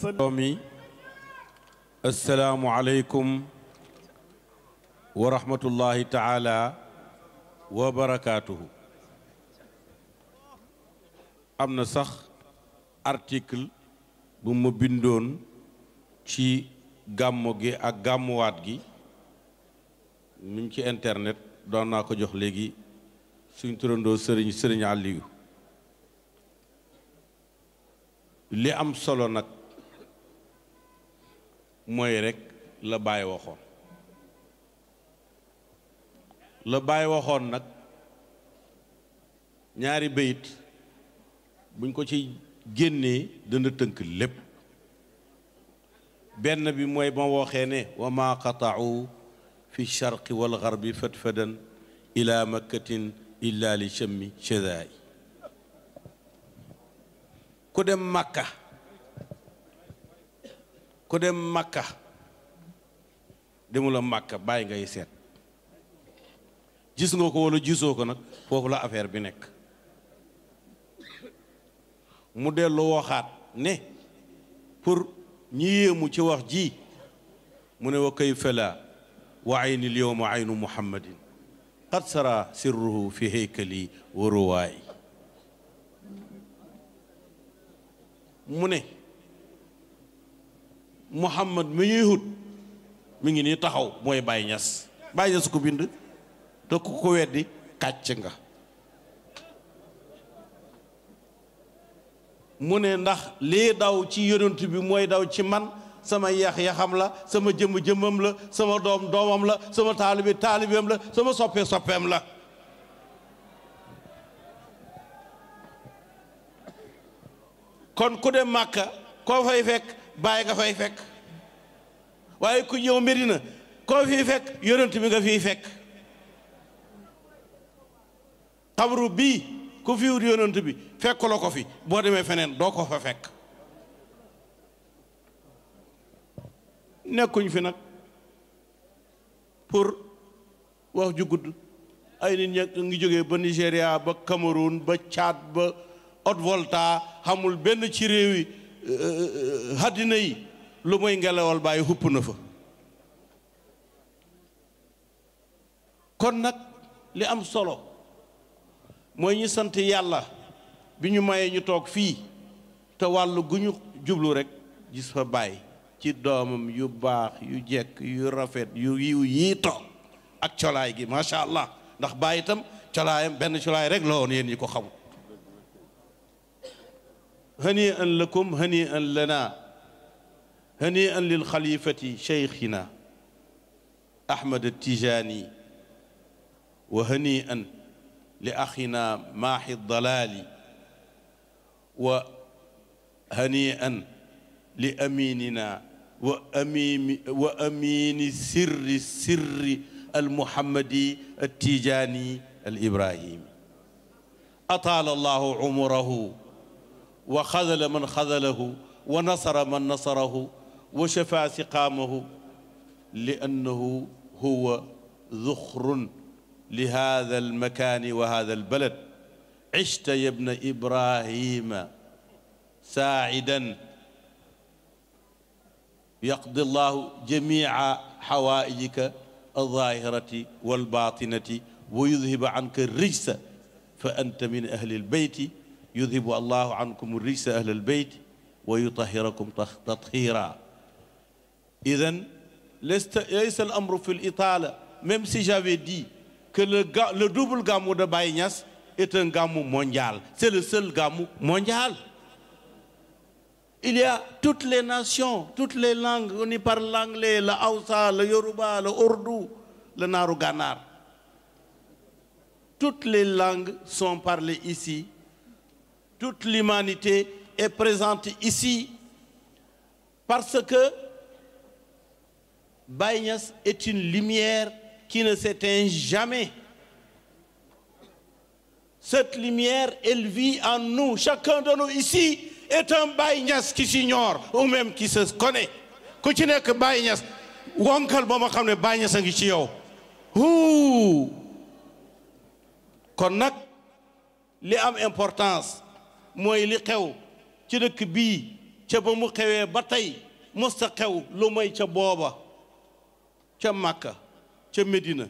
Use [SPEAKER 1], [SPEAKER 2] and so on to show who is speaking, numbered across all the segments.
[SPEAKER 1] wasallam assalaamu aleykum wa rahmatullahi taala am na sax article bu ma bindoon ci gàmmo gi ak gàmmuwaat gi mu ngi ci internet doon naa ko jox léegi suñ turandoo sëriñ sëriñ Aliou li am solo nag mooy rekk la Baay waxoon la Baay waxoon nag ñaari bayit buñ ko ci génnee dana tënk lépp benn bi mooy ba waxee ne wa maa qataau fi charqi wal garbi fatfadan ila makkatin illa li chammi chedaay ku dem màkka ku dem Makka demula Makka bàyyi ngay seet gis nga ko walla gisoo ko nag foofu la affaire bi nekk mu dellu waxaat ne pour ñi yéemu ci wax ji mu ne wa kay fela wa ayni l yowma aynu muhammadin qad sara sirruhu fi heykali wa mu ne muhammad mi ñuy hut mi ngi nii taxaw mooy Baye ñas Baye Niass ko bind te ku ko weddi kàcc nga mu ne ndax lii daw ci yonent bi mooy daw ci man sama yax yaxam la sama jëmm jëmmam la sama doom doomam la sama taalibe taalibeem la sama soppe soppeem la kon ku dem màkka koo fay fekk bàyyi nga fay fekk waaye ku ñëw Medina koo fii fekk yonent bi nga fii fekk xabru bii ku fi wut yonent bi fekkuloo ko fi boo demee feneen doo ko fa fekk nekkuñ fi nag pour wax ju gudd ay nit ña ngi jógee ba Nigéria ba Cameroun ba Tchad ba Haute-Volta xamul benn ci réew yi àddina euh, euh, euh, yi lu muy ngelawal bàyyi xupp na fa kon nag li am solo mooy ñu sant yàlla bi ñu mayee ñu toog fii te wàllu gu ñu jublu rekk gis fa bàyyi ci doomam yu baax yu jekk yu rafet yu yiw yii toog ak colaay gi macha allah ndax bàyyi itam colaayam benn colaay rek la woon yéen ñi ko xamul hani an lakum hani هنيئا للخليفة شيخنا أحمد التجاني وهنيئا لأخنا ماحي الضلال وهنيئا لأميننا وأميم وأمين سر السر المحمدي التيجاني الإبراهيمي أطال الله عمره وخذل من خذله ونصر من نصره wa shafaa siqaamahu li annahu huwa zuxrun li haada almakaani wa haada albalad cishta yabna ibrahima saacidan yaqdi llahu jamica xawaa'ijika alzaahirati walbaatinati wa yudhiba canka rijsa fa anta min ahli albeyti yudhibu allahu cankum rijsa ahli albeyti wa yutahirakum tathiira Idem, même si j'avais dit que le, le double de Baïnias est un gamou mondial, c'est le seul gamou mondial. Il y a toutes les nations, toutes les langues, on y parle l'anglais, le Hausa, le Yoruba, le Urdu, le Naruganar. Toutes les langues sont parlées ici. Toute l'humanité est présente ici parce que Baye Niass est une lumière qui ne s'éteint jamais. Cette lumière, elle vit en nous. Chacun de nous ici est un Baye Niass qui s'ignore ou même qui se ku ci nekk Baye Niass wonkal ba ma xam ne Baye Niass a ngi ci yow. huu kon nag li am importance mooy li xew ci dëkk bii ca ba mu xewee ba tey mosta xew lu may ca booba. ca Màkka ca Medina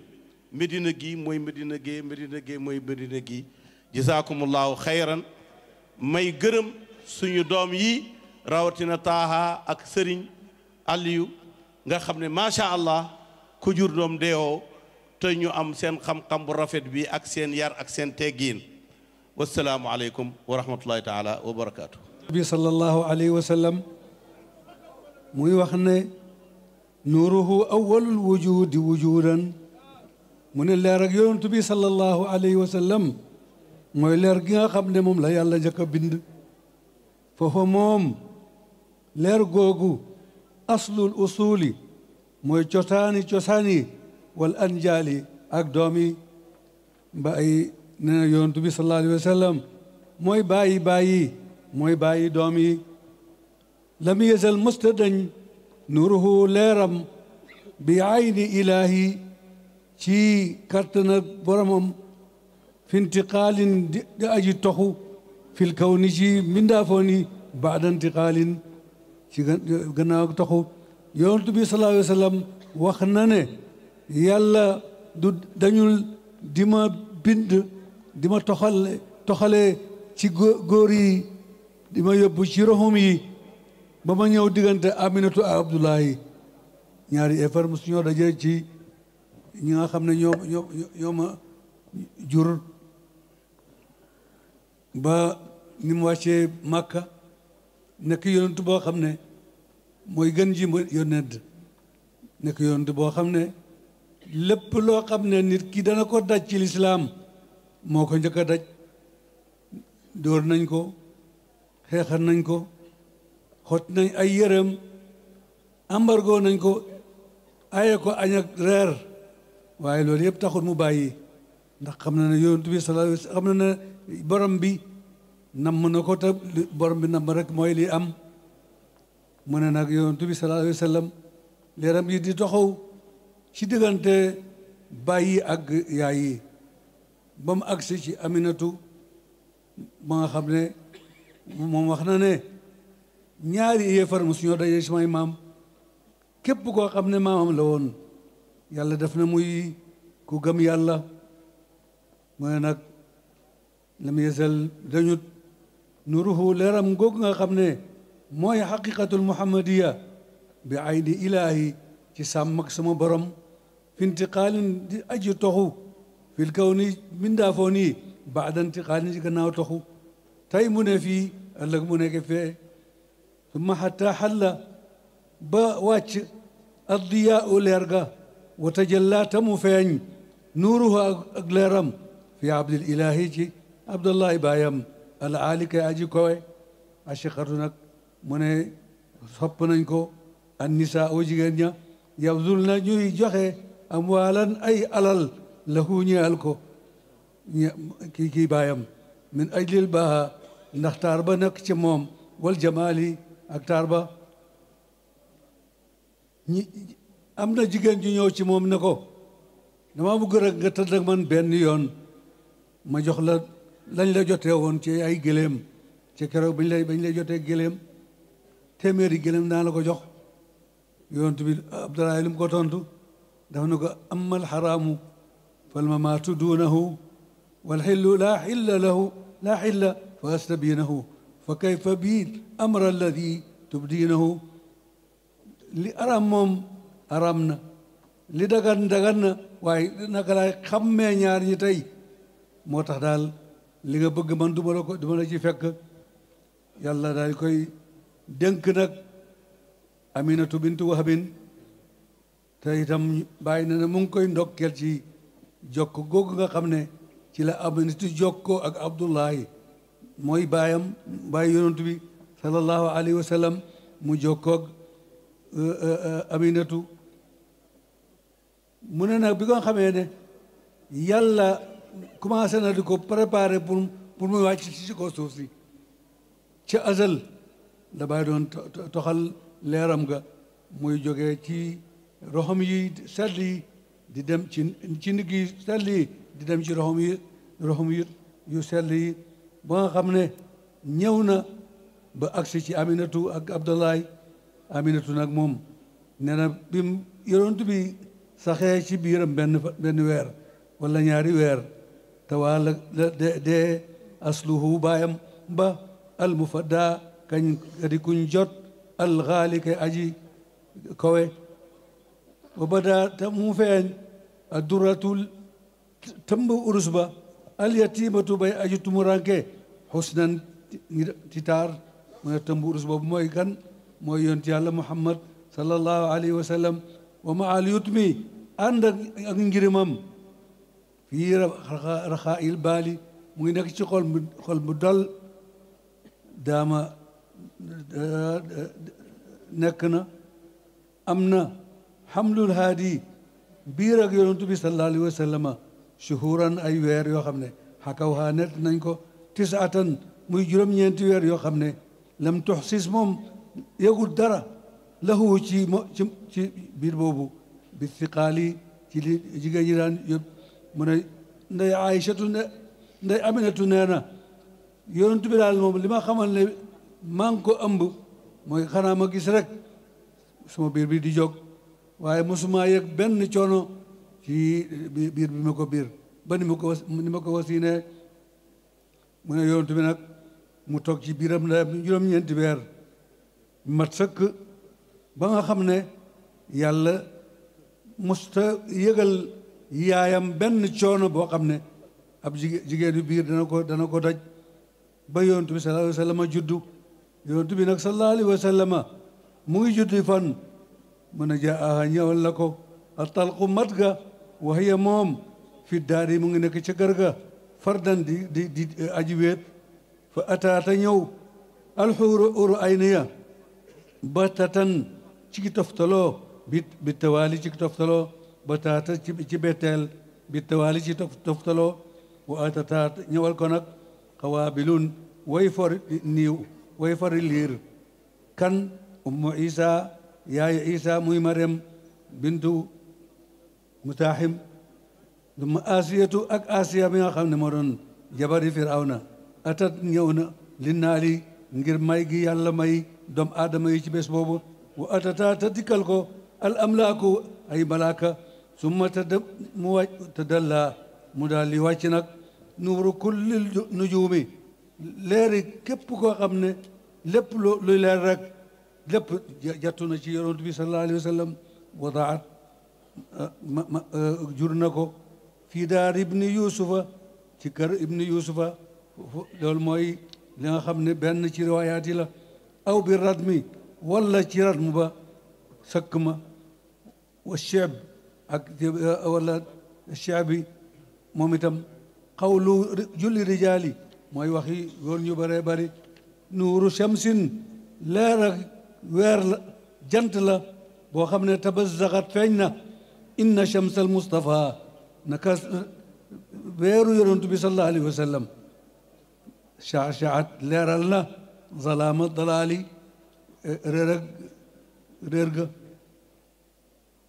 [SPEAKER 1] Medina gi mooy Medina gee Medina gee mooy Medina gi jazaakumullaahu xayran may gërëm suñu doom yi rawatina Taaha ak Sëriñ Aliyu nga xam ne macha allah ku doom deewoo te ñu am seen xam-xam bu rafet bi ak seen yar ak seen teggiin wasalaamu aleykum wa rahmatullahi taala wa barakaatu.
[SPEAKER 2] bi muy wax ne. nuuruhu awalul wujudi wujudan mu ne leer ak yonent bi sallallahu alayhi wa sallam mooy leer gi nga xam ne moom la yàlla njëkk a bind foofa moom leer googu aslul usuli mooy cosaani cosaani wal anjaali ak doomi bàyyi nee na yonent bi sallallahu alayhi wa mooy bàyyi bàyyi mooy bàyyi doom yi lam yësal mësta nuruhu leeram bi ayni ilaahi ci kàttana boromam fi intiqaalin di aji toxu fil kawni ci mbindaafoo ni baada ci gannaaw toxu yonent bi wax na ne yàlla du dañul di ma bind di ma toxal toxalee ci góor yi di ma yóbbu ci roxum yi ba ma ñëw diggante Aminatu ak Abdoulaye ñaari effar mu suñoo dajee ci ñaa xam ne ñoo ñoo jur ba ni mu wàccee Màkka nekk yonent boo xam ne mooy gën ji yonent nekk yonent boo xam ne lépp loo xam ne nit kii dana ko daj ci lislaam moo ko njëkk a daj dóor nañ ko xeexal nañ ko xot nañ ay yërëm embargo nañ ko aye ko añ ak reer waaye loolu yëpp taxul mu bàyyi ndax xam na ne yonent bi sallallahu xam na ne borom bi namm na ko te borom bi namm rek mooy li am mu ne nag yonent bi sallallahu yi di doxaw ci diggante bàyyi ak yaay yi ba mu agsi ci aminatu ba nga xam ne moom wax na ne ñaari yéefar mu suñoo dajee samay maam képp koo xam ne maamam la woon yàlla def na muy ku gëm yàlla mu ne nag lam yesel dañut nuruhu leeram googu nga xam ne mooy xaqiqatul muhammadiya bi ay ilaahi ci sàmm ak sama borom fintiqaalin di aji toxu fil kaw ni mindaafoo nii baadantiqaalin ci gannaaw toxu tey mu ne fii ëllëg mu nekk fee ثم حتى حل با واتش الضياء ليرغا وتجلى تمو فين نوره أقلرم في عبد الإلهي جي عبد الله بايم العالي كي أجي كوي أشقرنك من صبنن كو النساء وجيغن يبذلن نجوي جوخي أموالا أي ألل له نيال كو كي كي بايم من أجل الباها نختار بنك تموم والجمالي ak taar ba am na jigéen ju ñëw ci moom ne ko dama bëgg rek nga tëdd man benn yoon ma jox la lañ la jotee woon ci ay gëléem ci keroog bañ la jot lay jotee gëléem téeméeri gëléem naa la ko jox yonent bi Abdoulaye lu mu daf na ko amal xaraamu fal mamaatu duunahu wal xillu laa xilla lahu laa xilla fa astabinahu fa kayfa bii amra alladi tubdiinahu li aram moom aram na li dagan dagan na waaye naka xam xammee ñaar ñi tey moo tax daal li nga bëgg man du la ko du ma la ci fekk yàlla daal koy dénk nag aminatu bintu wahabin te itam bàyyi na ne mu ngi koy ndokkeel ci jokk googu nga xam ne ci la aminatu jokkoo ak abdullahi mooy baayam baay yonent bi sallallahu alayhi wa sallam mu jokkoog euh, euh, euh, aminatu mu ne nag bi nga xamee ne yàlla commencé na di ko préparer pour pour muy wàcc ci ko suuf si ca azal da bàyyi doon toxal leeram ga muy jógee ci roxom yi sell yi di dem ci ci ndigg yi di dem ci roxom yi roxom yi yu sell yi ba nga xam ne ñëw na ba agsi ci Aminatu ak Abdoulaye Aminatu nag moom nee na bi mu bi saxee ci biiram benn weer wala ñaari weer te waa de asluhu baayam ba almufadda kañ kadi kuñ jot alxaali kay aji kowe ba badaa te mu feeñ adduratul tëmb urus ba alyatimatu bay aji tumuranke xusnan ci taar mu boobu mooy gan mooy yont yàlla muhammad sallallahu alayhi wa sallam wa ma al yutmi ànd ak ak fii raxaa il baali mu ngi nekk ci xol bu xol bu dal daama nekk na am na xamlul haadi biir ak yonent bi shuhuran ay weer yoo xam ne xakaw haa nett nañ ko tisaatan muy juróom-ñeenti weer yoo xam ne lam tuxsis moom yëgul dara lahu ci ci ci biir boobu bi thiqaali ci li jigéen ñi mu ne nday aïchatu ne nday aminatu nee na yonent bi daal moom li ma xamal ne maa ngi ko ëmb mooy xanaa ma gis rek suma biir bi di jóg waaye mosuma yëg benn coono ci biir bi ko biir ba ni ma ko mu ne yonent bi nag mu toog ci biiram la juróom-ñeenti weer mat sëkk ba nga xam ne yàlla musta yëgal yaayam benn coono boo xam ne ab jigéenu biir dana ko dana ko daj ba yontu bi sallallahu alayhi juddu yontu bi nag sallallahu alayhi mu ngi juddu fan mu ne jaa ñëwal la ko a talqu mat ga wax moom fi daari mu ngi nekk ca kër ga fardan di di di aji fa ataata ñëw alxuuru uru ayniya batatan ci toftaloo bi bi tawaali ci toftaloo bataata ci betteel bi tawaali ci toftaloo wa atataat ñëwal ko nag xawaabilun way for niiw way fori liir kan ummu isa yaayu isa muy mariam bintu mutaaxim duma asiyatu ak asiya bi nga xam ne moo doon jabari firawna atat ñëw na li naa li ngir may gi yàlla may doomu aadama yi ci bes boobu wa atata te dikkal ko al amlaaku ay malaaka summa tëdd mu mu daal li wàcc nag nuuru kulli nujuumi leeri képp koo xam ne lépp lu luy leer rek lépp jattu na ci yonent bi sallallahu alayhi wa sallam wadaat ah, ah, jur na ko fi daar ibni yusufa ci kër ibni yusufa loolu mooy li nga xam ne benn ci riwaayaat la aw bi radmi ci radmu ba sëkk ma wa cheeb ak wala cheebi moom itam xawlu julli rijaali mooy waxi góor ñu bëree bari nuuru shamsin leer ak weer la jant la boo xam ne tabazzaxat feeñ na inna shams al mustapha naka weeru yonent bi sallallahu alayhi wa sallam caacaat leeral na zalaama dalaali réer ak réer ga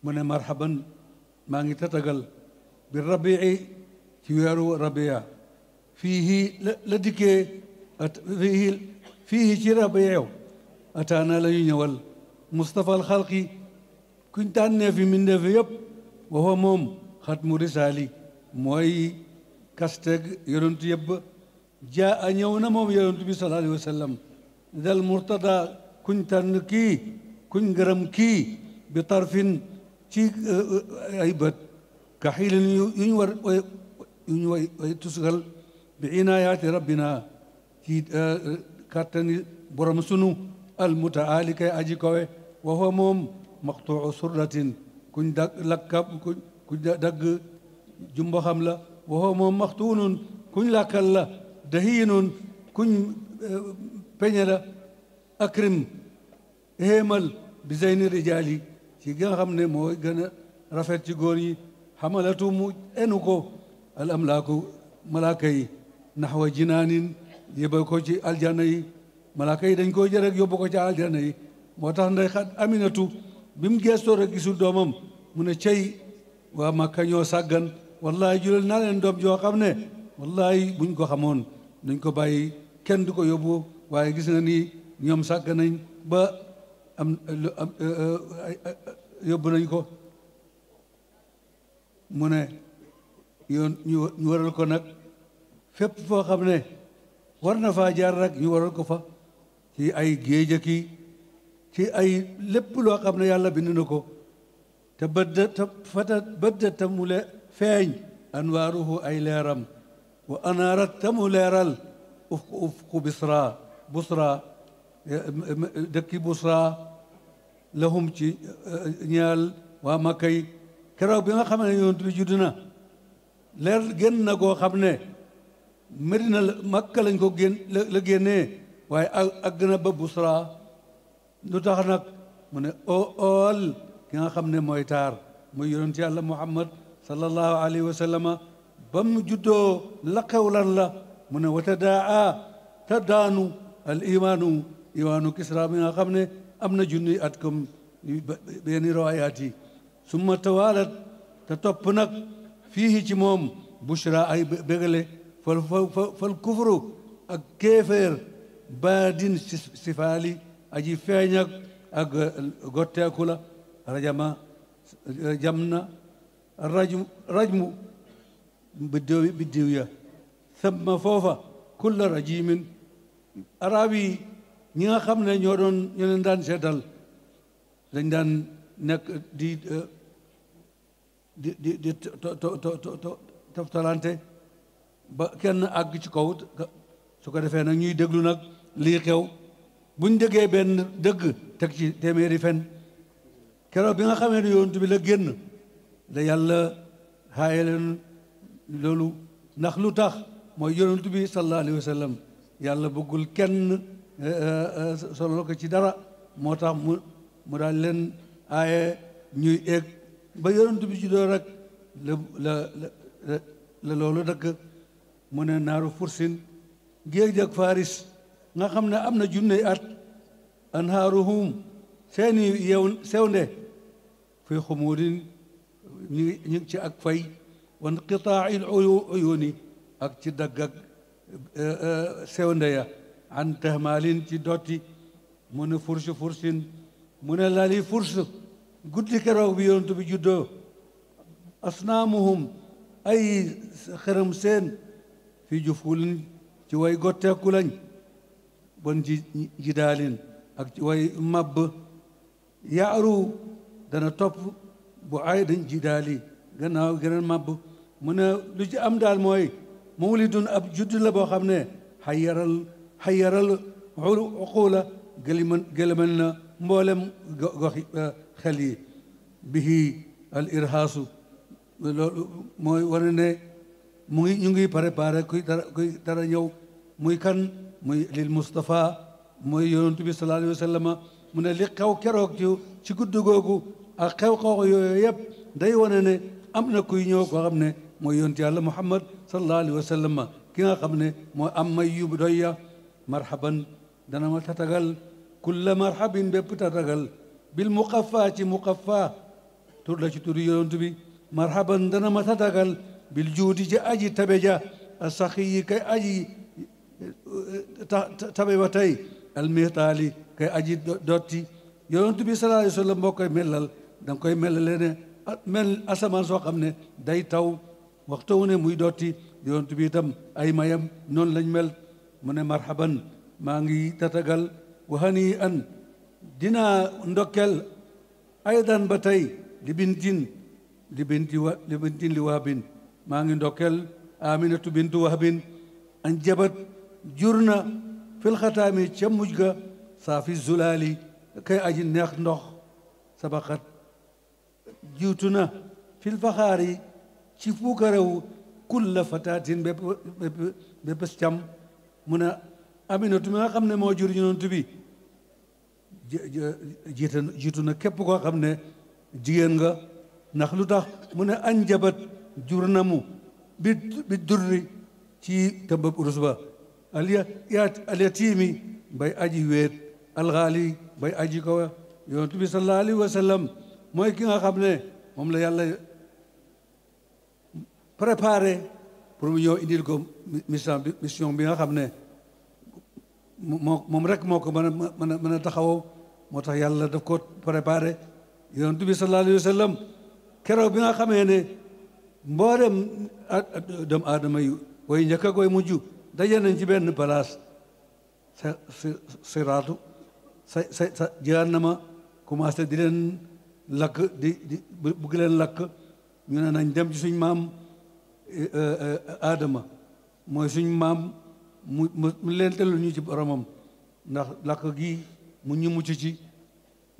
[SPEAKER 2] mu ne marhaban maa ngi tatagal bi rabii ci weeru rabia fiihi la dikkee fiihi ci rabiyew ataana la ñu ñëwal mustapha alxalqi kuñ tànnee fi mbindeef yëpp waxoo moom xatmu risaali mooy kasteg yonent yëpp jaa ñëw na moom yonent bi sallallahu alayhi dal murtada kuñ tànn kii kuñ ngërëm kii bi tarfin ci eh, eh, ay bët ka xiilin yu way tusgal bi inaayaati rabbina ci eh, kàttani borom sunu al mutaali kay aji kowe wa huwa moom maqtuu kuñ dag la wa la ደህይኑን ኩኝ peñela akrim xéemal biseyni rijaal yi ci nga xam ne mooy gën a rafet ci góor yi xamalatu mu enu ko al amlaaku malaaka yi naxwa jinaanin yóbbu ko ci aljana yi malaaka yi dañ koo jël yóbbu ko ci aljana yi moo tax ndey xat aminatu bi mu geestoo rek gisul doomam mu ne cey waa Makka ñoo sàggan wallahi julal naa leen doom joo xam ne wallahi buñ ko xamoon nañ ko bàyyi kenn du ko yóbbu waaye gis na ni ñoom sàgg nañ ba am yóbbu nañ ko mu ne yoon ñu waral ko nag fépp foo xam ne war na faa jaar rek ñu waral ko fa ci ay géej ki ci ay lépp loo xam ne yàlla bind na ko te bëdd te fata bëdd te mu le feeñ anwaaruhu ay leeram wa anaarat te mu leeral uf ufku bisra busra dëkki busra lahum ci ñaal waa makka yi keroog bi nga xam ne yonent bi judd na leer génn na koo xam ne medina makka lañ ko génn la génnee waaye àgg na ba busra lu tax nag mu ne ool ki nga xam ne mooy taar muy yonent yàlla muhammad sallallahu alayhi wa sallama ba mu juddoo la lan la mu ne wata daa te daanu al imaanu imaanu kisra mi nga xam ne am na junni at comme benn rawayaat yi summa tawaalat te topp nag fii ci moom bushra ay bégale fal fal kufru ak kéeféer baadin sifaali aji feeñ ak ak uh, gotteeku la rajama uh, jam na rajmu biddiw biddiw ya samma foofa kulla rajimin arab yi ñi nga xam ne ñoo doon ñu leen daan seetal dañ daan nekk di euh, di di di toftalante ba kenn àgg ci kaw su ko defee nag ñuy déglu nag lii xew buñ déggee benn dëgg teg ci téeméeri fen keroog bi nga xamee ne yonent bi la génn da yàlla xaaye leen loolu ndax lu tax mooy yonent bi sallallahu alayhi yàlla bëggul kenn eh, eh, eh, solo ko ci dara moo tax mu mu daal leen aaye ñuy eeg ba yonent bi juddoo rek la la la loolu dëkk mu ne naaru fursin géej ak faris nga xam ne am na junne at anhaaruhum seeni yew sewnde fi xumuudin ñu ci ak fay wanqitaail uyuni ak ci dagg ak euh, euh, sewnde ya an tahmalin ci dotti mu ne fursu fursin mu ne lali fursu guddi keroog bi yonent bi juddoo asnaamuhum ay xërëm seen fi jufulin ci way gotteeku lañ bon ji ak ci way mabb yaaru dana topp bu ay dañ jidaali gannaaw geneen mabb mu ne lu ci am daal mooy mawlidun ab judd la boo xam ne xayaral xayaral uquula gëliman gëliman na mboolem gox euh, xel yi bihi al irhaasu loolu mooy wane ne mu ngi ñu ngi préparé kuy dara kuy dara ñëw muy kan muy lil Mustafa mooy yonentu bi sallallahu alayhi wa mu ne li xew keroog ci ci gudd googu ak xew xew yooyu yëpp day wane ne am na kuy ñëw koo xam ne mooy yonti yàlla muhammad sallallahu alayhi wa sallam ki nga xam ne mooy am may yub doy ya marhaban dana ma tatagal kulla marhabin bépp tatagal bil muqaffa ci muqaffa tur la ci turi yonent bi marhaban dana ma tatagal bil juudi ci aji tabe ja asaxiyi kay aji eh, tabe wa tay almihtaali kay aji dotti yonent bi sallallahu alayhi boo koy melal danga koy melale ne mel asamaan soo xam day taw waxtu wu ne muy dooti yonent bi itam ay mayam noonu lañ mel mu ne marhaban maa ngi tatagal waxanii an dinaa ndokkel aydan ba tey li bintin li binti wa maa ngi ndokkel aminatu bintu wahbin an jabat jurna fil xataami ca mujj ga saafi zulaali kay aji neex ndox sabaqat jiitu na fil faxaari ci puukarewu kulla fatatin bépp bépp bépp cam mu ne aminatu mi nga xam ne moo jur yonent bi jiitu na képp koo xam ne jigéen nga ndax lu tax mu ne anjabat jur na mu bi durri ci tëmbab urus ba aliya yaat bay aji wéet alxaali bay aji kawe yonent bi sallallahu alayhi mooy ki nga xam ne moom la yàlla préparé pour mu ñëw indil ko mission bi nga xam ne moo moom rek moo ko mën a mën a mën a taxawoo moo tax yàlla daf ko préparé yonent bi sallallahu alayhi wa sallam keroog bi nga xamee ne mboolem doomu aadama yu way njëkk ak way mujj daje nañ ci benn place sa siraatu sa sa sa ma commencé di leen lakk di di bëgg leen lakk ñu ne nañ dem ci suñ maam aadama eh, eh, eh, mooy suñ maam mu mu leentalu ñu ci boromam ndax làkk gi mu ñu mucc ci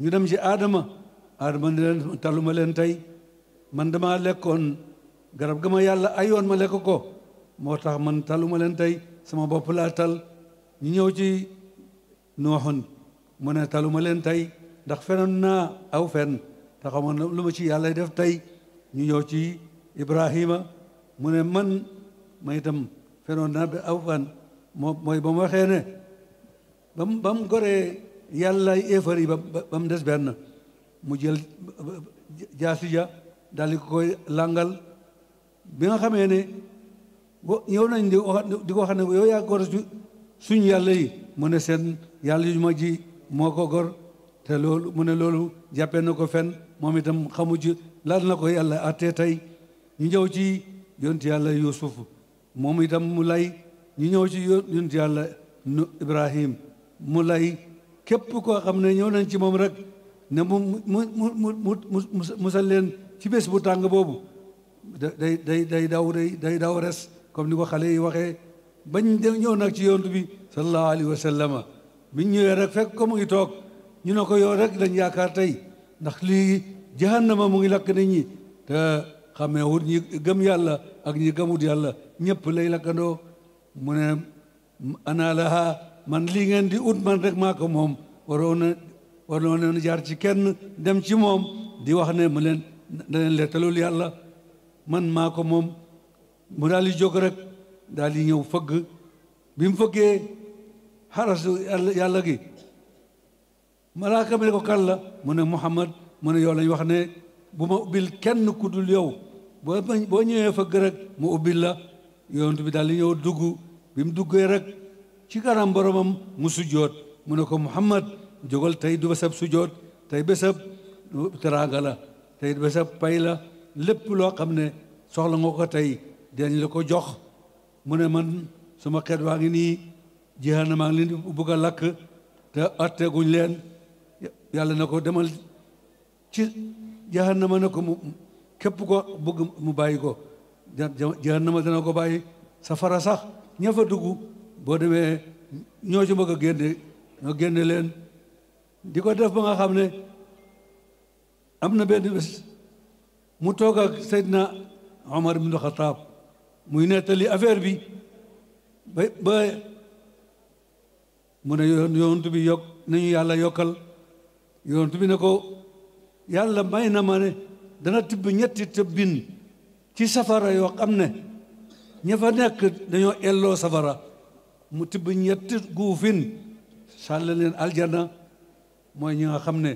[SPEAKER 2] ñu dem ci aadama aadama ni leen taluma leen tey man dama lekkoon garab ga ma yàlla ayoon ma lekk ko moo tax man taluma leen tey sama bopp laa tal ñu ñëw ci nooxun mu ne taluma leen tey ndax fenoon naa aw fen te xamoon lu ma ci yàlla def tey ñu ñëw ci ibrahima mu ne man ma itam fenoon naa bi awfan moo mooy ba mu waxee ne ba mu ba mu goree yàlla éefar yi ba ba mu des benn mu jël jaasi ja daal di koy làngal bi nga xamee ne ñëw nañ di di ko xam ne yow yaa gor suñu yàlla yi mu ne seen yàlla yu ma ji moo ko gor te loolu mu ne loolu jàppee na ko fen moom itam xamu ji laal ko yàlla àttee tey ñu ñëw ci yonent yàlla yusuf moom itam mu lay ñu ñëw ci yonent yàlla ibrahim mu lay képp ko xam ne ñëw nañ ci moom rek ne mu mu mu mu musal leen ci bés bu tàng boobu day day day daw day day daw res comme ni ko xale yi waxee bañ ñëw nag ci yonent bi sallallahu alayhi wa bi biñ ñëwee rek fekk ko mu ngi toog ñu ne ko yow rek lañ yaakaar tey ndax lii jahannama mu ngi lakk nit ñi te xamee wut ñi gëm yàlla ak ñi gëmut yàlla ñëpp lay lakkandoo mu ne ana laha man lii di ut man rek maa ko moom waroo na waroo leen jaar ci kenn dem ci moom di wax ne mu leen da yàlla man maa ko moom mu daal di jóg rek daal ñëw fëgg bi mu fëggee xarasu yàlla gi malaaka bi ko kan mu ne Muhammad mu ne yow lañ wax ne bu ma ubbil kenn ku dul yow boo boo ñëwee fëgg rek mu ubbil la yonent bi daal di ñëw dugg bi mu duggee rek ci kanam boromam mu sujjoot mu ne ko Muhammad jógal tey du bésab sujjoot tey bésab teraanga la tey bésab pay la lépp loo xam ne soxla nga ko tey dañ la ko jox mu ne man sama xeet waa ngi nii jahannama ngi leen bugg a lakk te atteeguñ leen yàlla na ko demal ci jahannama na ko mu képp ko bëgg mu bàyyi ko jahannama dana ko bàyyi safara sax ña fa boo demee ñoo ci bëgg a génne ñoo génne leen di ko def ba nga xam ne am na benn bés mu toog ak Seydina Omar ibn Khattab muy nettali affaire bi ba ba mu ne yonent bi yokk nañu yàlla yokkal yonent bi ne ko yàlla may na ma ne dana tibb ñetti tëbbin ci safara yoo xam ne ña fa nekk dañoo elloo safara mu tibb ñetti guufin sàll leen aljana mooy ñi nga xam ne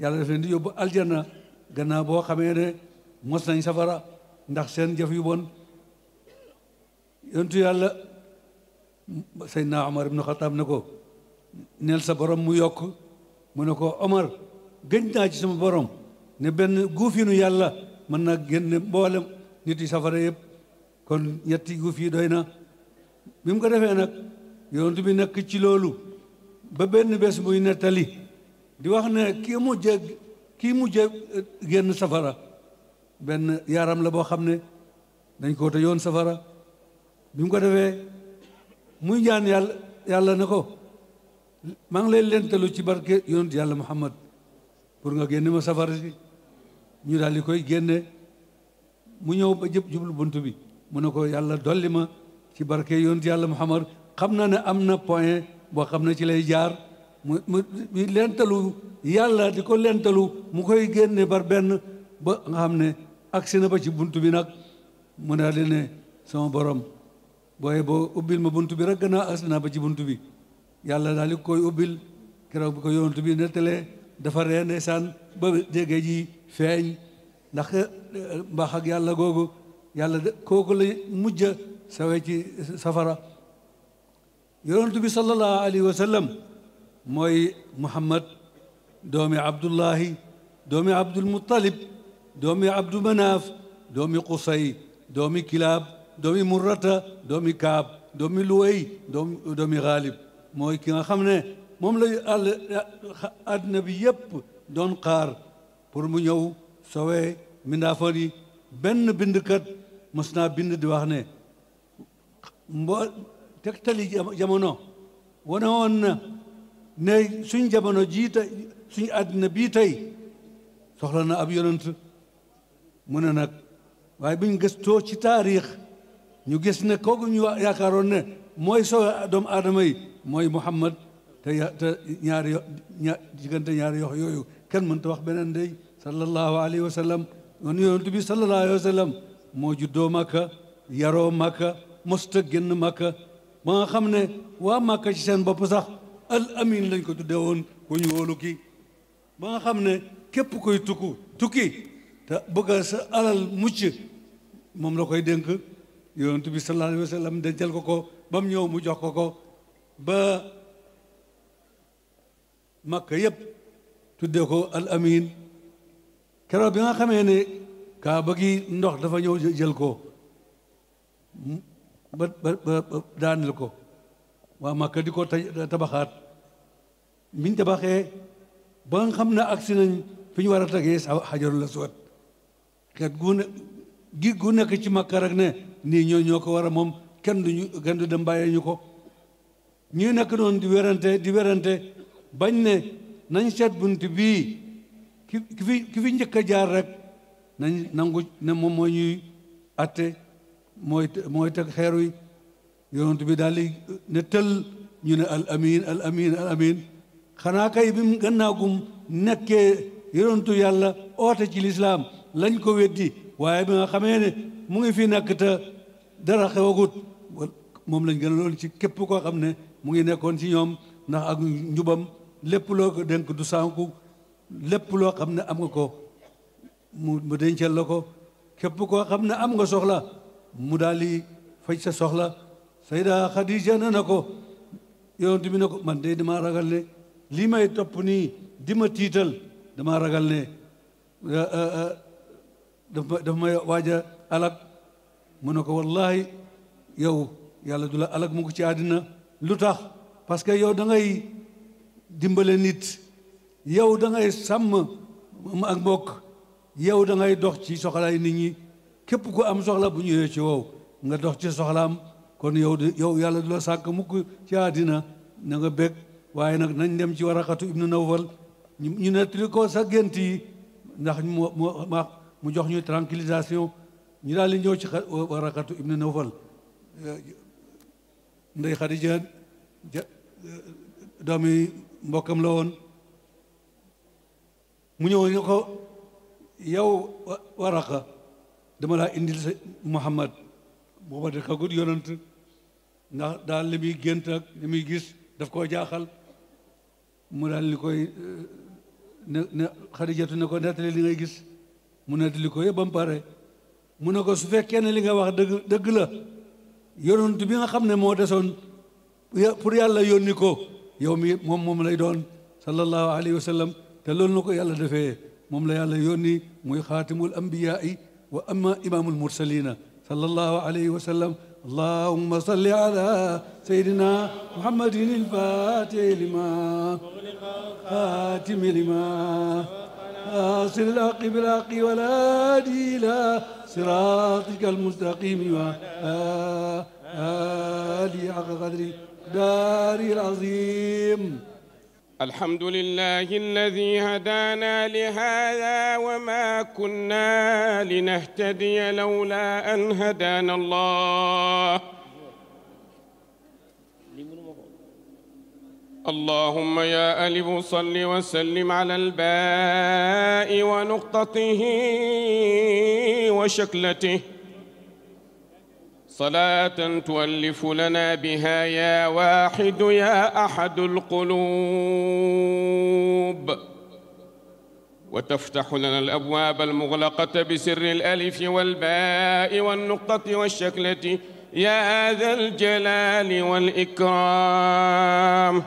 [SPEAKER 2] yàlla def leen di yóbbu aljana gannaaw boo xamee ne mos nañ safara ndax seen jëf yu bon yontu yàlla naa Omar ibnu Xataab ne ko neel sa borom mu yokk mu ne ko Omar gëj naa ci sama borom ne benn guufinu yàlla mën na génne mboolem nit yi safara yëpp kon ñetti guuf yi doy na bi mu ko defee nag yonent bi nekk ci loolu ba benn bés muy nettali di wax ne kii mujje kii mujje génn safara benn yaaram la boo xam ne dañ koo tëjoon safara bi mu ko defee muy ñaan yàlla yàlla ne ko maa ngi lay lentalu ci barke yonent yàlla Muhammad pour nga génn ma safara si ñu daal di koy génne mu ñëw ba jëpp jublu bunt bi mu ne ko yàlla dolli ma ci barke yonent yàlla Muhammad xam naa ne am na point boo xam ne ci lay jaar mu mu lentalu yàlla di ko leentalu mu koy génne bar benn ba nga xam ne agsi na ba ci bunt bi nag mu daal di ne sama borom booye boo ubbil ma bunt bi rek gannaaw agsi naa ba ci bunt bi yàlla daal koy ubbil keroog bi ko yonent bi nettalee dafa ree ndeysaan ba déggee ji feeñ ndax eh, mbaax ak yàlla googu yàlla de kooku la mujj a sawe safara yonent bi sallallahu alayhi wa mooy muhammad doomi abdullahi doomi abdul muttalib doomi abdu doomi qusay doomi kilaab doomi murrata doomi kaab doomi luway doom doomi xaalib mooy ki nga xam ne moom la àll eh, àddina bi yépp doon xaar pour mu ñëw sowee mindaafoon yi benn bindkat mës naa bind di wax ne mboo tegtali jamono wane woon na ne suñ jamono jii tey suñ àddina bii tey soxla na ab yonent mu ne nag waaye buñ gëstoo ci taarix ñu gis ne kooku ñu yaakaaroon ne mooy sowe doomu aadama yi mooy Muhammad te te ñaari yo diggante yox yooyu kenn mënta wax beneen day sallallahu alayhi wa sallam noonu yonent bi sallallahu alayhi moo juddoo Makka yaroo Makka mosta génn Makka ba nga xam ne waa Makka ci seen bopp sax al amin lañ ko tuddee woon ku ñu wóolu kii ba nga xam ne képp koy tukku tukki te bëgg sa alal mucc moom la koy dénk yonent bi sallallahu alayhi wa sallam dencal ko ko ba mu ñëw mu jox ko ko ba Makka yépp tuddee ko al amin keroog bi nga xamee ne kaaba gi ndox dafa ñëw jël ko ba daanil ko waa Makka di ko tabaxaat biñ tabaxee ba nga xam ne agsi nañ fi ñu war a tegee sa xajarul aswad xeet gu ne gi gu nekk ci Makka rek ne nii ñoo ñoo ko war a moom kenn du dem bàyyee ñu ko ñuy nekk noonu di werante di werante bañ ne nañ seet bunt bii ki ki fi ki njëkk a jaar rek nañ nangu ne moom moo ñuy atte mooy mooy teg xeer wi bi daal di uh, ne tël ñu ne al amin al amin al amin xanaa kay bi mu gannaaw gum nekkee yonentu yàlla oote ci lislaam lañ ko weddi waaye bi nga xamee ne mu ngi fi nekk te dara xewagut moom lañ gën a loolu ci képp koo xam ne mu ngi nekkoon ci ñoom ndax ak njubam lépp loo ko dénk du sànku lépp loo xam ne am nga ko mu mu dencal la ko képp koo xam ne am nga soxla mu daal di faj sa soxla sayda Xadija ne na ko yonent bi ne ko man de dama ragal ne lii may topp nii di ma tiital dama ragal ne eh, eh, eh, dafa may waaja alag mu ne ko wallahi yow yàlla du la alag mu ko ci àddina lu tax parce yow da dimbale nit yow dangay ngay sàmm ak mbokk yow dangay dox ci soxlaay nit ñi képp ku am soxla bu ñëwee ci wow nga dox ci soxlaam kon yow di yow yàlla du la sàkk mukk ci àddina na nga bég waaye nag nañ dem ci waraqatu ibnu nawfal ñu nettali ko sa gént yi ndax mu mu jox ñu tranquillisation ñu daal di ñëw ci waraqatu ibnu nawfal ndey xadija doomi mbokkam la woon mu ñëw ñu ko yow waraqa dama laa indil sa Muhammad booba de kagut yonant ndax daal li muy gént ak li muy gis daf koo jaaxal mu daal li koy ne ne Xadijatu ne ko nettali li ngay gis mu nettali ko yëpp ba mu pare mu ne ko su fekkee ne li nga wax dëgg dëgg la yonant bi nga xam ne moo desoon pour yàlla yónni ko yow mi moom moom lay doon sallallahu alayhi wa sallam te loolu na ko yàlla defee moom la yàlla yónni muy xaatimul ambiyaai wa amma imaamul mursalina sallallahu alayhi wa sallam allahumma salli ala sayyidina muhammadin al-faatihi lima xaatimi lima ناصر الحق بالحق والهادي إلى صراطك المستقيم وآلي حق قدري الدار
[SPEAKER 3] العظيم الحمد لله الذي هدانا لهذا وما كنا لنهتدي لولا أن هدانا الله اللهم يا ألف صل وسلم على الباء ونقطته وشكلته صلاة تؤلف لنا بها يا واحد يا أحد القلوب وتفتح لنا الأبواب المغلقة بسر الألف والباء والنقطة والشكلة يا ذا الجلال والإكرام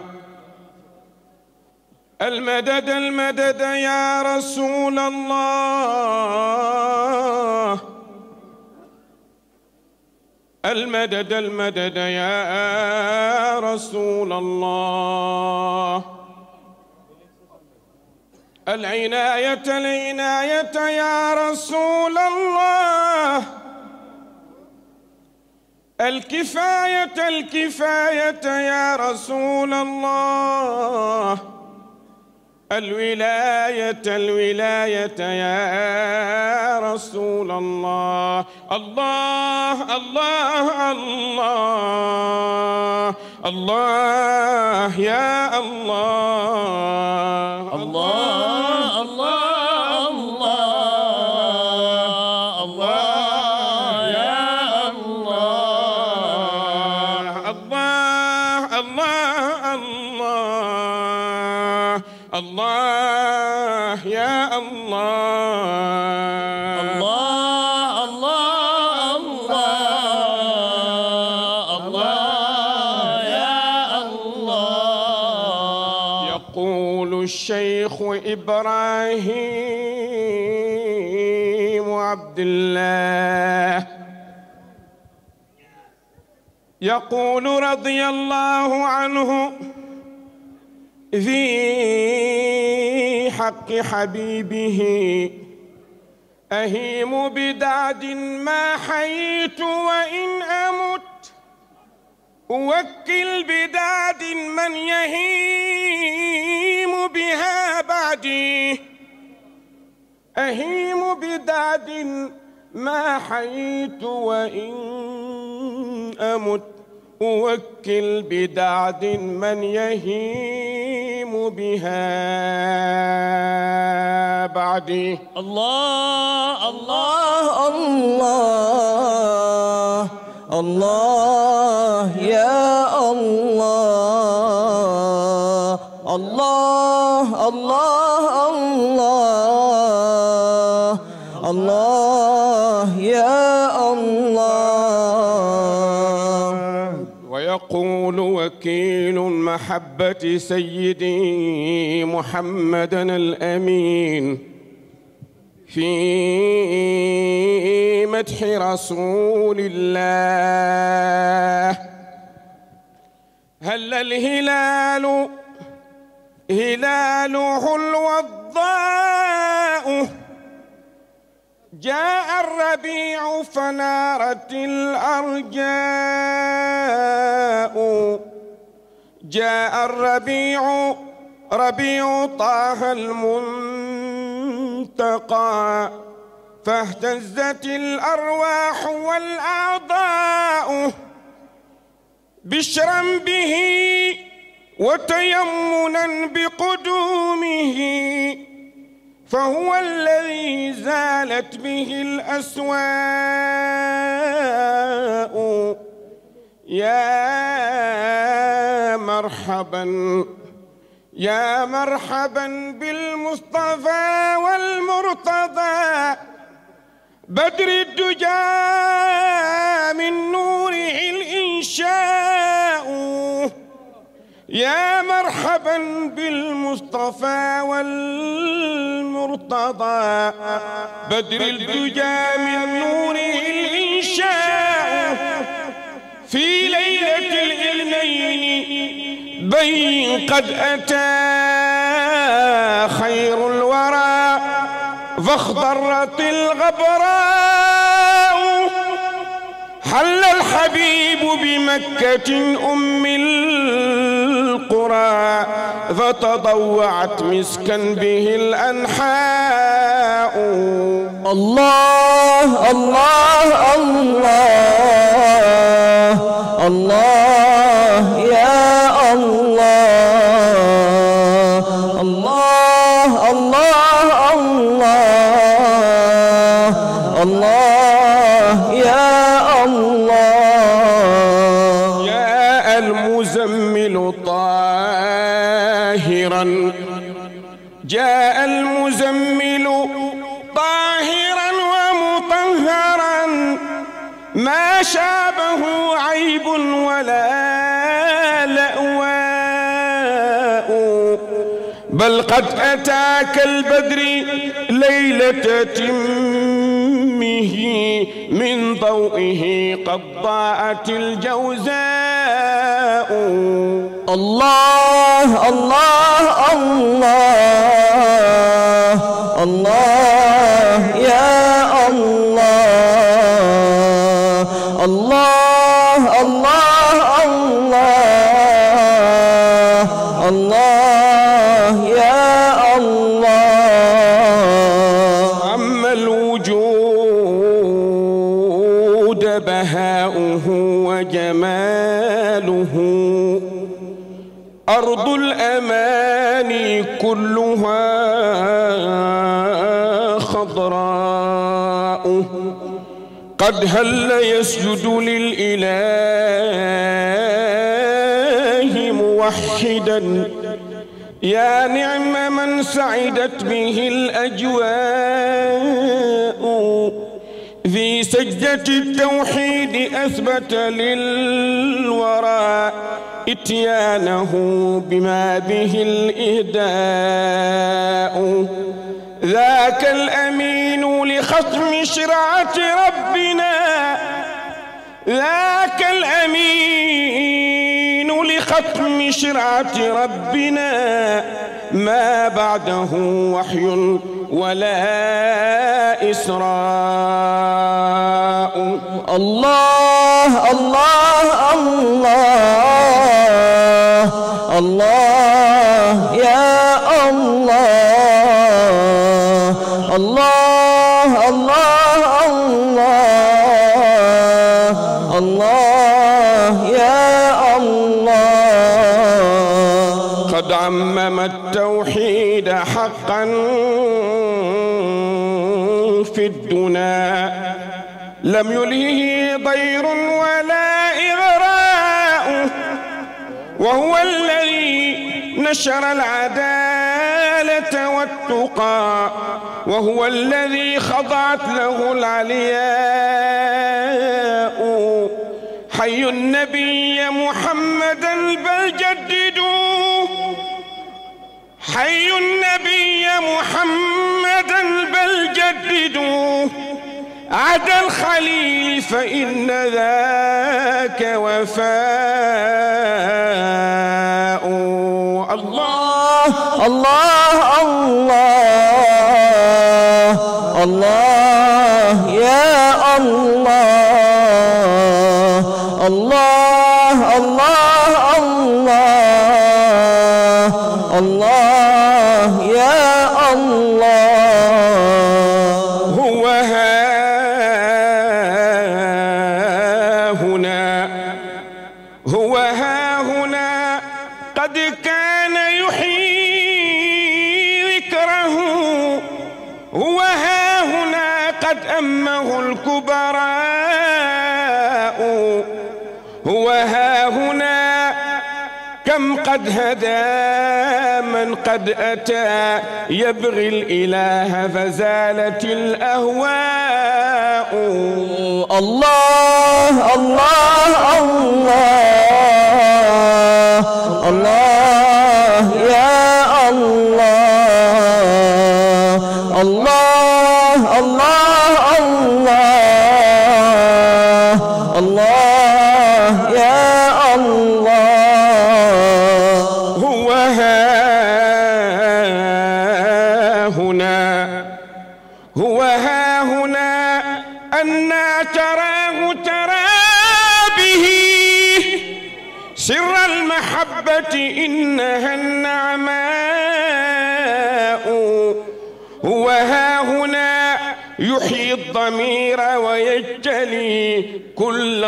[SPEAKER 3] المدد المدد يا رسول الله المدد المدد يا رسول الله العناية العناية يا رسول الله الكفاية الكفاية يا رسول الله الولاية الولاية يا رسول الله الله الله الله الله يا الله الله إبراهيم عبد الله يقول رضي الله عنه في حق حبيبه أهيم بدعد ما حييت وإن أمت أوكل بدعد من يهيم بها بعدي أهيم بداد ما حييت وإن أمت أوكل بدعد من يهيم بها
[SPEAKER 4] بعدي الله الله الله الله يا الله الله الله الله يا
[SPEAKER 3] الله ويقول وكيل محبة سيدي محمدا الأمين في مدح رسول الله هل الهلال هلاله الوضاء جاء الربيع فنارت الأرجاء جاء الربيع ربيع طه المنتقى فاهتزت الأرواح والأعضاء بشرا به وتيمنا بقدومه فهو الذي زالت به الأسواء يا مرحبا يا مرحبا بالمصطفى والمرتضى بدر الدجى من نوره الإنشاء يا مرحبا بالمصطفى والمرتضى بدر الدجى من نوره الإنشاء في ليلة الاثنين بين قد أتى خير الورى فاخضرت الغبراء حل الحبيب بمكة أم الله العراء فتضوعت مسكا به
[SPEAKER 4] الأنحاء الله الله الله الله يا الله
[SPEAKER 3] قد أتاك البدر ليلة تمه من ضوئه قد ضاءت الجوزاء
[SPEAKER 4] الله الله الله الله, الله
[SPEAKER 3] قد هل يسجد للإله موحدا يا نعم من سعدت به الأجواء ذي سجدة التوحيد أثبت للورى إتيانه بما به الإهداء ذاك الأمين لخصم شرعة ربنا ذاك الأمين لختم شرعة ربنا ما بعده وحي ولا إسراء
[SPEAKER 4] الله الله الله الله يا الله الله الله الله الله يا الله
[SPEAKER 3] قد عمم التوحيد حقا في الدنا لم يلهه ضير ولا إغراء وهو الذي نشر العدالة والتقى وهو الذي خضعت له العلياء حي النبي محمدا بل جددوا حي النبي محمدا بل جددوا عدا الخليل فإن ذاك وفاء
[SPEAKER 4] الله الله الله الله يا الله
[SPEAKER 3] قد هدى من قد أتى يبغي الإله فزالت الأهواء
[SPEAKER 4] الله الله الله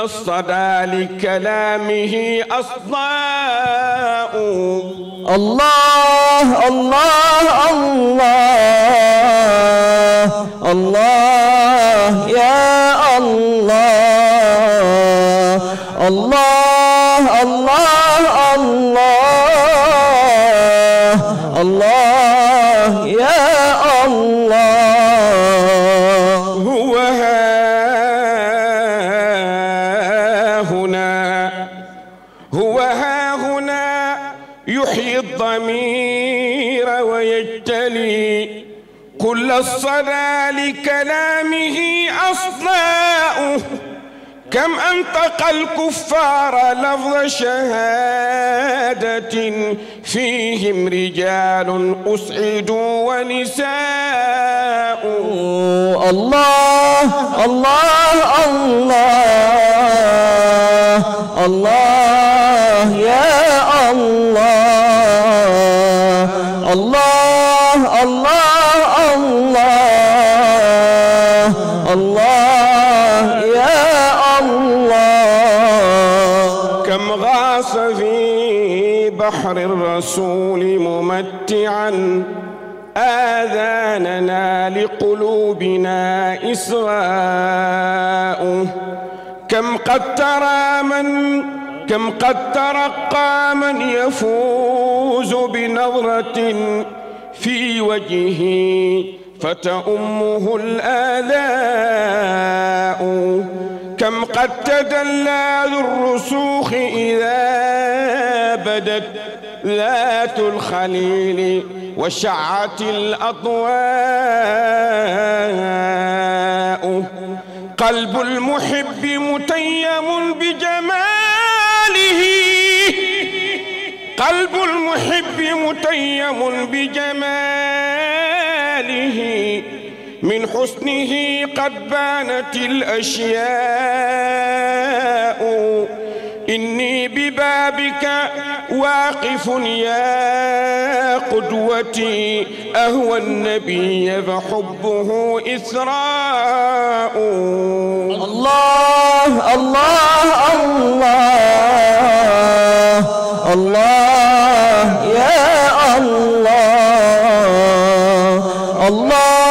[SPEAKER 3] الصدى لكلامه أصداء
[SPEAKER 4] الله الله الله الله
[SPEAKER 3] وصدى لكلامه أصداؤه كم أنطق الكفار لفظ شهادة فيهم رجال أسعدوا ونساء
[SPEAKER 4] الله الله الله الله يا الله
[SPEAKER 3] بحر الرسول ممتعا آذاننا لقلوبنا إسراء كم قد ترى من كم قد ترقى من يفوز بنظرة في وجهه فتأمه الآلاء كم قد تدلى ذو الرسوخ إذا بدت ذات الخليل وشعت الأضواء قلب المحب متيم بجماله قلب المحب متيم بجماله من حسنه قد بانت الأشياء إني ببابك واقف يا قدوتي أهوى النبي فحبه إسراء الله
[SPEAKER 4] الله الله الله يا الله الله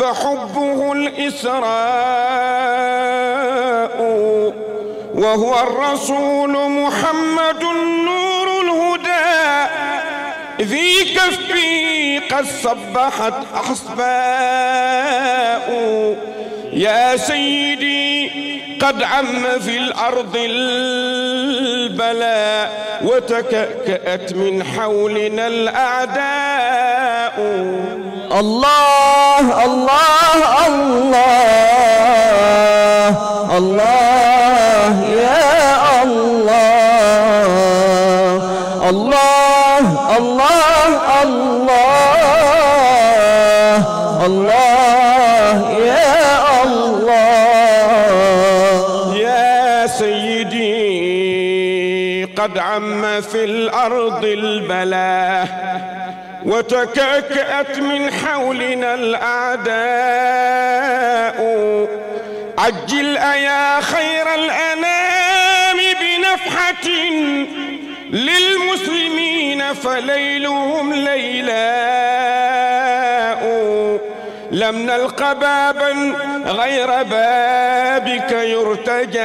[SPEAKER 3] فحبه الإسراء وهو الرسول محمد نور الهدى في كفي قد صبحت أحسباء يا سيدي قد عم في الأرض البلاء وتكأكأت من حولنا الأعداء الله
[SPEAKER 4] الله الله الله يا الله الله الله الله الله يا الله
[SPEAKER 3] يا سيدي قد عم في الأرض البلاه وتكأكأت من حولنا الأعداء عجل أيا خير الأنام بنفحة للمسلمين فليلهم ليلاء لم نلق باب من غير بابك يرتجى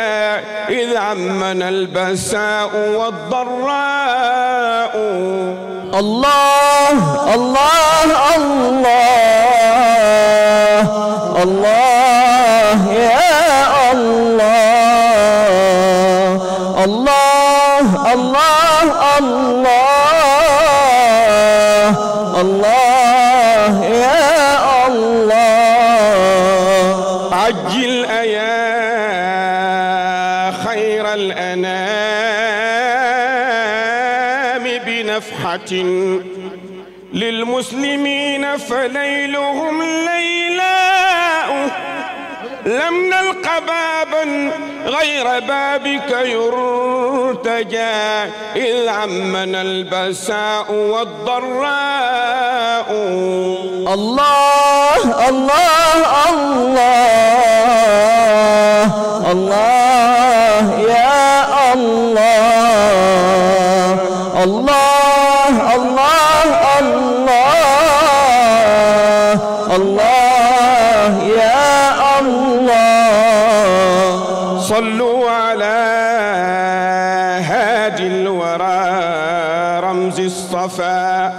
[SPEAKER 3] إذ عمن البساء والضراء
[SPEAKER 4] الله الله الله الله يا الله الله الله الله
[SPEAKER 3] للمسلمين فليلهم ليلاء لم نلق بابا غير بابك يرتجى إذ عمنا البساء والضراء الله
[SPEAKER 4] الله الله الله يا الله الله
[SPEAKER 3] صلوا على هادي الورى رمز الصفا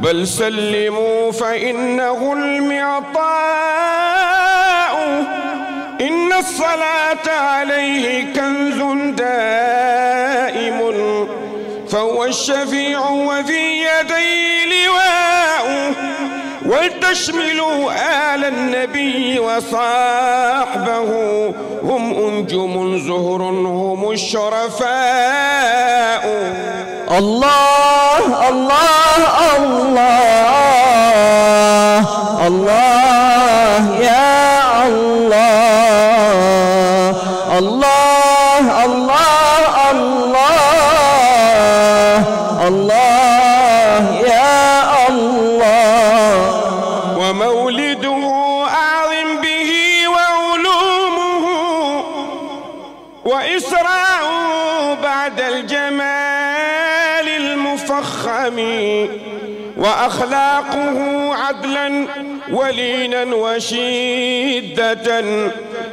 [SPEAKER 3] بل سلموا فإنه المعطاء إن الصلاة عليه كنز دائم فهو الشفيع وذي يديه تشمل آل النبي وصاحبه هم أنجم زهر هم الشرفاء
[SPEAKER 4] الله الله الله الله يا الله
[SPEAKER 3] أخلاقه عدلا ولينا وشدة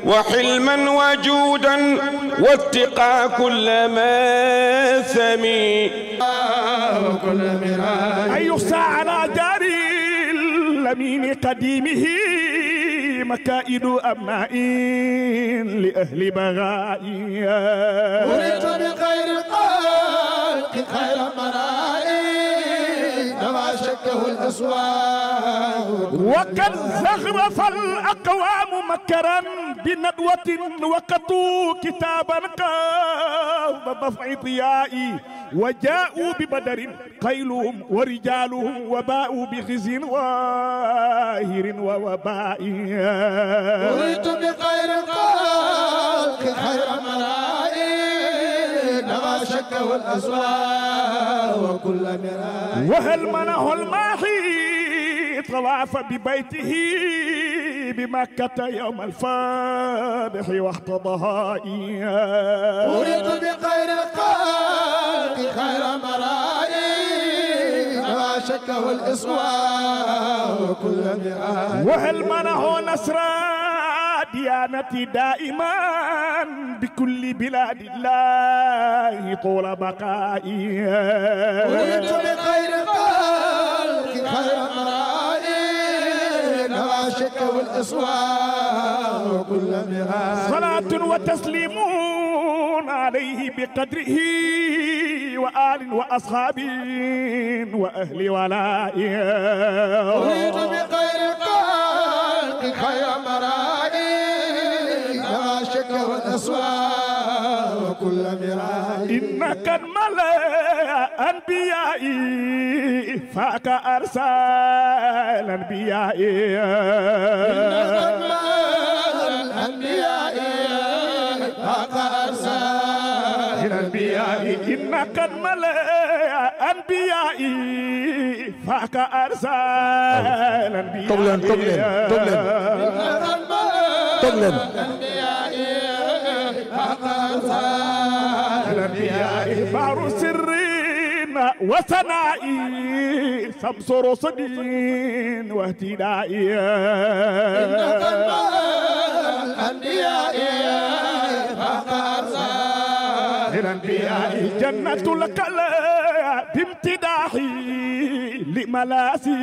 [SPEAKER 3] وحلما وجودا واتقى كل ما ثمي
[SPEAKER 5] أن يخشى على دار الأمين قديمه مكائد أمائين لأهل بغائي ولدت بخير
[SPEAKER 6] القلق خير
[SPEAKER 5] مرائي وحده الأسواد وقد زخرف الأقوام مكرا بندوة وقتوا كتابا قام دفع ضيائي وجاءوا ببدر قيلهم ورجالهم وباءوا بخزي واهر ووباء قلت
[SPEAKER 6] بخير قلق خير
[SPEAKER 5] مرائي إنما شك والأسواء وكل مراء وهل منه الماحي طواف ببيته بمكة يوم الفاتح واحتضها إياه أريد بخير
[SPEAKER 6] الخلق خير مرائي
[SPEAKER 5] ما شكه الإصواء وكل مرائي وهل منه نسران diyaanati daa'iman bi kulli bilaadillahi tuula baqaa'i uriidu bi
[SPEAKER 6] xayri xalqi xayra maraa'i laa
[SPEAKER 5] shakka wal iswaar wa kulla miraari salaatun wa tasliimun alayhi bi qadrihi wa aalin wa asxaabin wa ahli walaa'i uriidu bi
[SPEAKER 6] xayri xalqi xayra maraa'i كل مراء
[SPEAKER 5] إنك الملا أنبيائي فاك أرسل أنبيائي
[SPEAKER 6] إنك الملا
[SPEAKER 5] أنبيائي فاك أرسل أنبيائي إنك الملا أنبيائي فاك أرسل أنبيائي طب لين طب لين طب لين طب
[SPEAKER 6] لين الأنبياء
[SPEAKER 5] بار سرنا وثنائي شمس رصدين واهتدائي إنك الأنبياء الأنبياء جنة لك بامتداحي لملاسي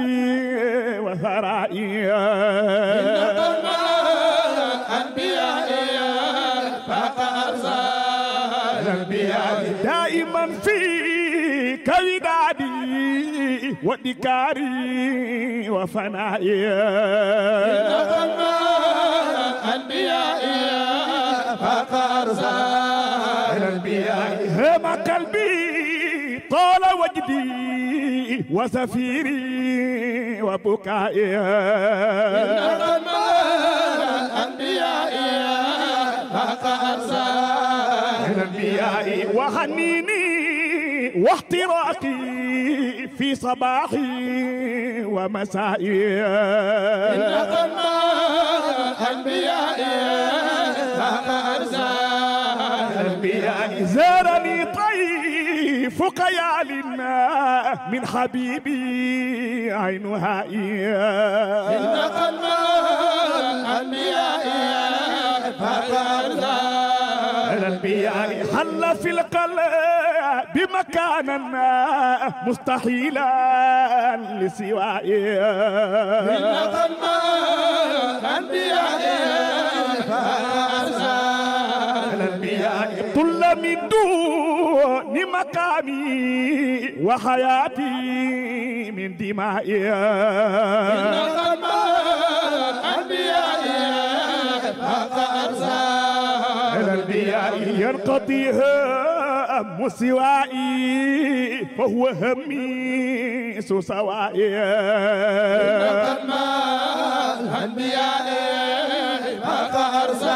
[SPEAKER 5] وثرائي إنك الأنبياء دائما فيك ودادي وذكاري وفنائي
[SPEAKER 6] إنما أنبيائي
[SPEAKER 5] فقرصا
[SPEAKER 6] الأنبياء
[SPEAKER 5] هما قلبي طال وجدي وسفيري وبكائي إنما
[SPEAKER 6] أنبيائي إلى
[SPEAKER 5] المياه وحنيني واحتراقي في صباحي ومسائي إنك ما أنبيائي ما أرسل أنبيائي زارني طيف كيال من حبيبي عينها إنك
[SPEAKER 6] ما أنبيائي ما أرسل
[SPEAKER 5] الأنبياء هل في القلب بمكانا مستحيلا لسوائي ملة
[SPEAKER 6] الأنبياء
[SPEAKER 5] الأنبياء طل من دون مقامي وحياتي من دمائي ملة الأنبياء فقد أرسل الأنبياء ينقضي هم سوائي فهو هميس سوائي إن الأنبياء ما أرسل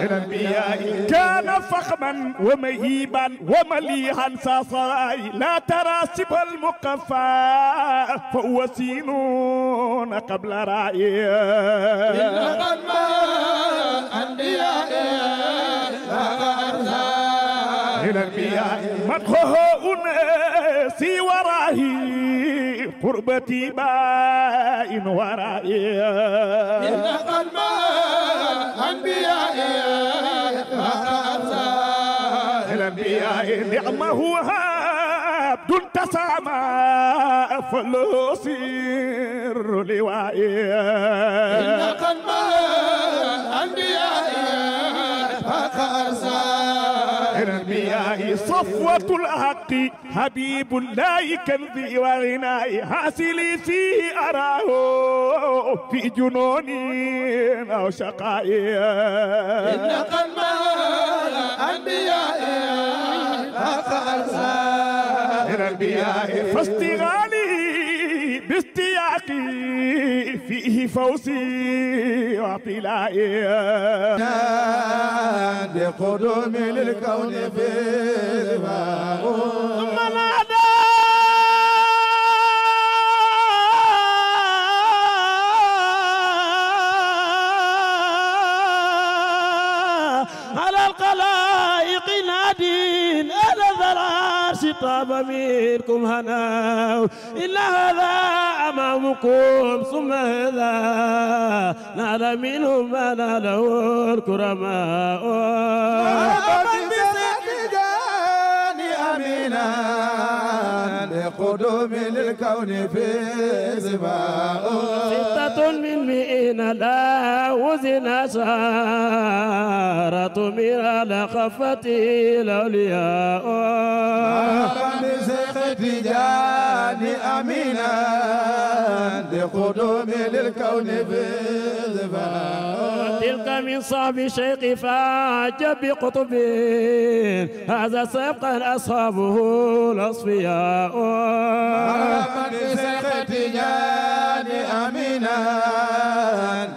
[SPEAKER 5] الأنبياء كان فخما ومهيبا ومليحا ساسراي لا ترى سب المقفى فهو سينون قبل رأي إن الأنبياء مدخه أنسي ورائي قربتي باين ورائي من قلب
[SPEAKER 6] أنبيائي
[SPEAKER 5] الأنبياء نعمه عبد تسامى فلوسير لوائي من
[SPEAKER 6] قلب صفوة
[SPEAKER 5] الحق حبيب الله كنزي وغنائي حاصلي فيه أراه في جنوني أو شقائي إن قلب الأنبياء فاق أرسال الأنبياء فاستغالي باستغالي يقي فيه فوزي وطلائي بقدوم للكون في الماء ثم لا
[SPEAKER 7] طاب منكم هنا إلا هذا أمامكم ثم هذا نال منه ما ناله الكرماء
[SPEAKER 6] أمين قدوم للكون في سماء
[SPEAKER 7] ستة من مئين لا وزن سارة ميرا لخفة الأولياء مرحبا تجاني أمينا لقدوم للكون
[SPEAKER 6] بالفا
[SPEAKER 7] تلك من صعب شيخ فاجب بقطبين هذا سيبقى أصحابه الأصفياء مرحبا
[SPEAKER 6] بشيخ تجاني أمينا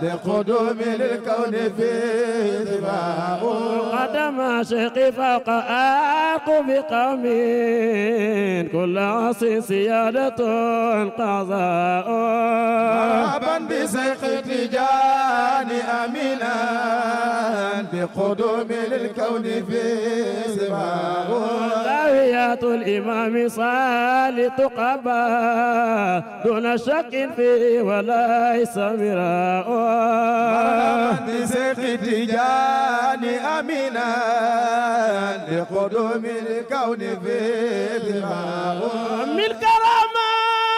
[SPEAKER 6] لقدوم للكون بالفا
[SPEAKER 7] قدم شيخ فوق أرقب قومين كل كل عصي سيادة قضاء مرحبا بسيق التجان أمينا بقدوم للكون في سماء زاوية الإمام صالح تقبى دون شك فيه وليس مراء
[SPEAKER 6] مرحبا بسيق التجان أمينا بقدوم الكون في سماء
[SPEAKER 4] من
[SPEAKER 8] كرامات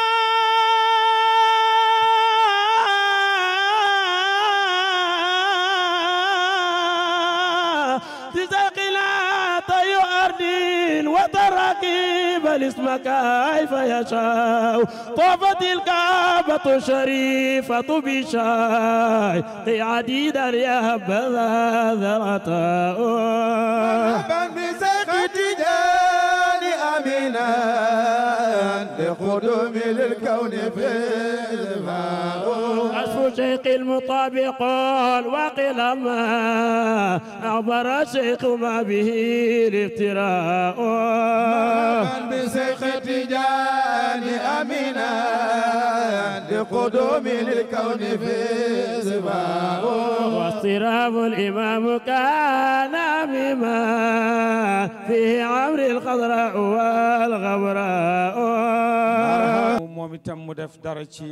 [SPEAKER 7] زقلات يؤرد وتركيب الاسمك كيف يشاء طافت الكعبة شريفة بشاي عديد اليهب ذا ذرة مرحبا
[SPEAKER 6] بزكي آمنا لقدوم للكون فيما
[SPEAKER 7] أصف شيخ المطابق وقل ما أعبر شيخ ما به الافتراء من بشيخ تجان آمنا لقدوم للكون فيما واصطراب الإمام كان مما فيه عمرو الخضراء alxabra oh.
[SPEAKER 3] moom itam mu def dara ci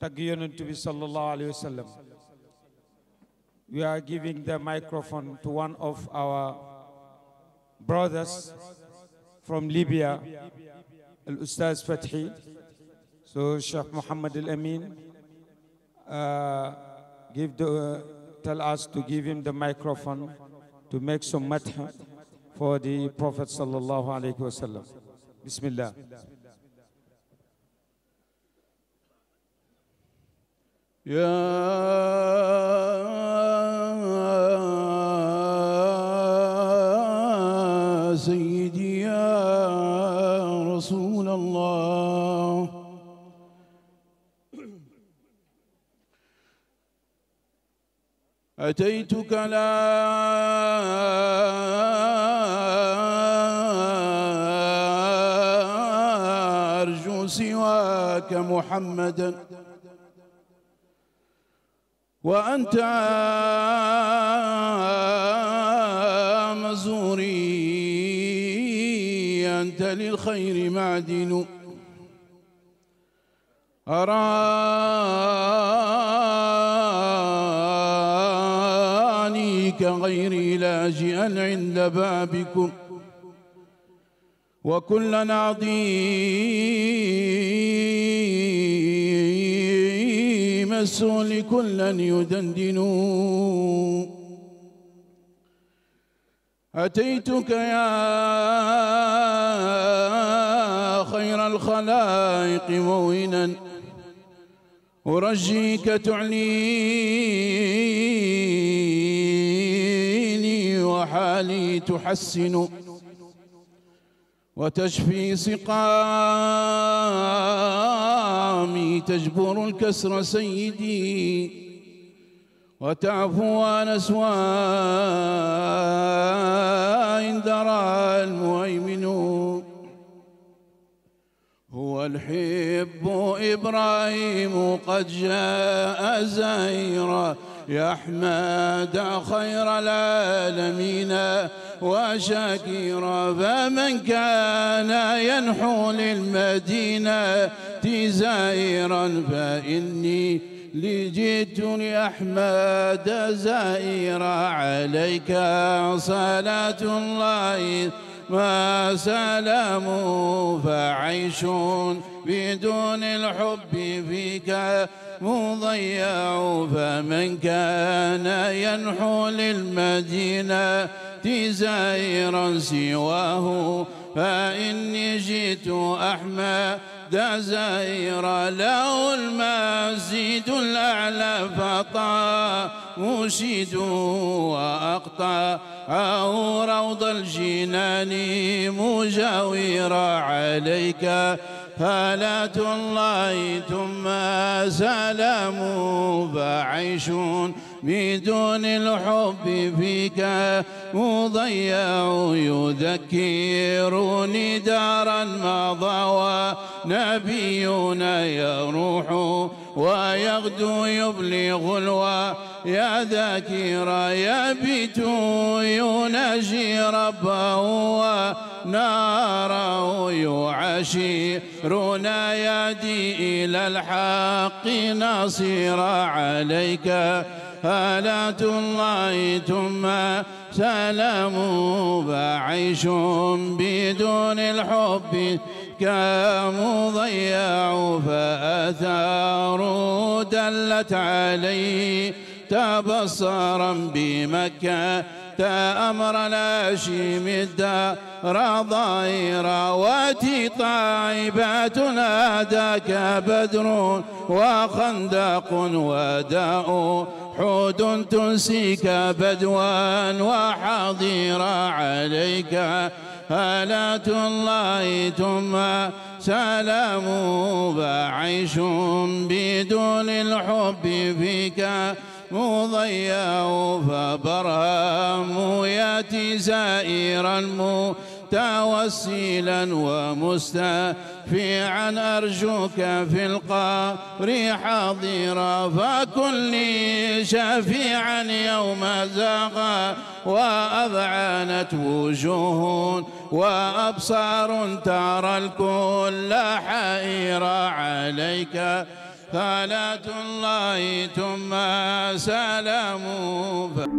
[SPEAKER 7] tagg yonent bi sallallahu
[SPEAKER 3] alayhi wa sallam we are giving the microphone to one of our brothers from Libya al Ustaz Fathi so Sheikh Muhammad Al Amin uh, give the uh, tell us to give him the microphone to make
[SPEAKER 1] some madh for the Prophet sallallahu alayhi wa sallam. Bismillah.
[SPEAKER 8] يا سيدي يا رسول الله أتيتك لا سواك محمدا وأنت مزوري أنت للخير معدن أراني كغيري لاجئا عند بابكم وكلا عظيم السؤل كلا يدندن أتيتك يا خير الخلائق موئنا أرجيك تعليني وحالي تحسن وتشفي سقامي تجبر الكسر سيدي وتعفو عن أسواء إن درى المهيمن هو الحب إبراهيم قد جاء زيرا يا أحمد خير العالمين وشكيرا فمن كان ينحو للمدينة زائرا فإني لجئت لأحمد زائرا عليك صلاة الله وسلام فعيش بدون الحب فيك مضيع فمن كان ينحو للمدينة زائرا سواه فإني جئت أحمى دزير له المسجد الأعلى فطا مشيد وأقطع أو روض الجنان مجاور عليك فلاة الله ثم سلام فعيش بدون الحب فيك مضيع يذكرني دارا مضى ونبينا يروح ويغدو يبلغ الوا يا ذاكرا يبيت يناجي ربه وناره يعاشرنا يدي إلى الحق نصير عليك هالة الله ثم سلام فعيش بدون الحب كمضيع فآثار دلت عليه تبصرا بمكة أمر الهاشم الدار ضائر واتي طائبات ناداك بدر وخندق وداء حود تنسيك بدوا وحضير عليك هالة الله ثم سلام بعيش بدون الحب فيك مضيع فبرهم ياتي زائرا مو متوسلا ومستفيعا أرجوك في القبر حاضرا فكن لي شفيعا يوم زغى وأذعنت وجوه وأبصار ترى الكل حائرا عليك صلاة الله ثم سلامه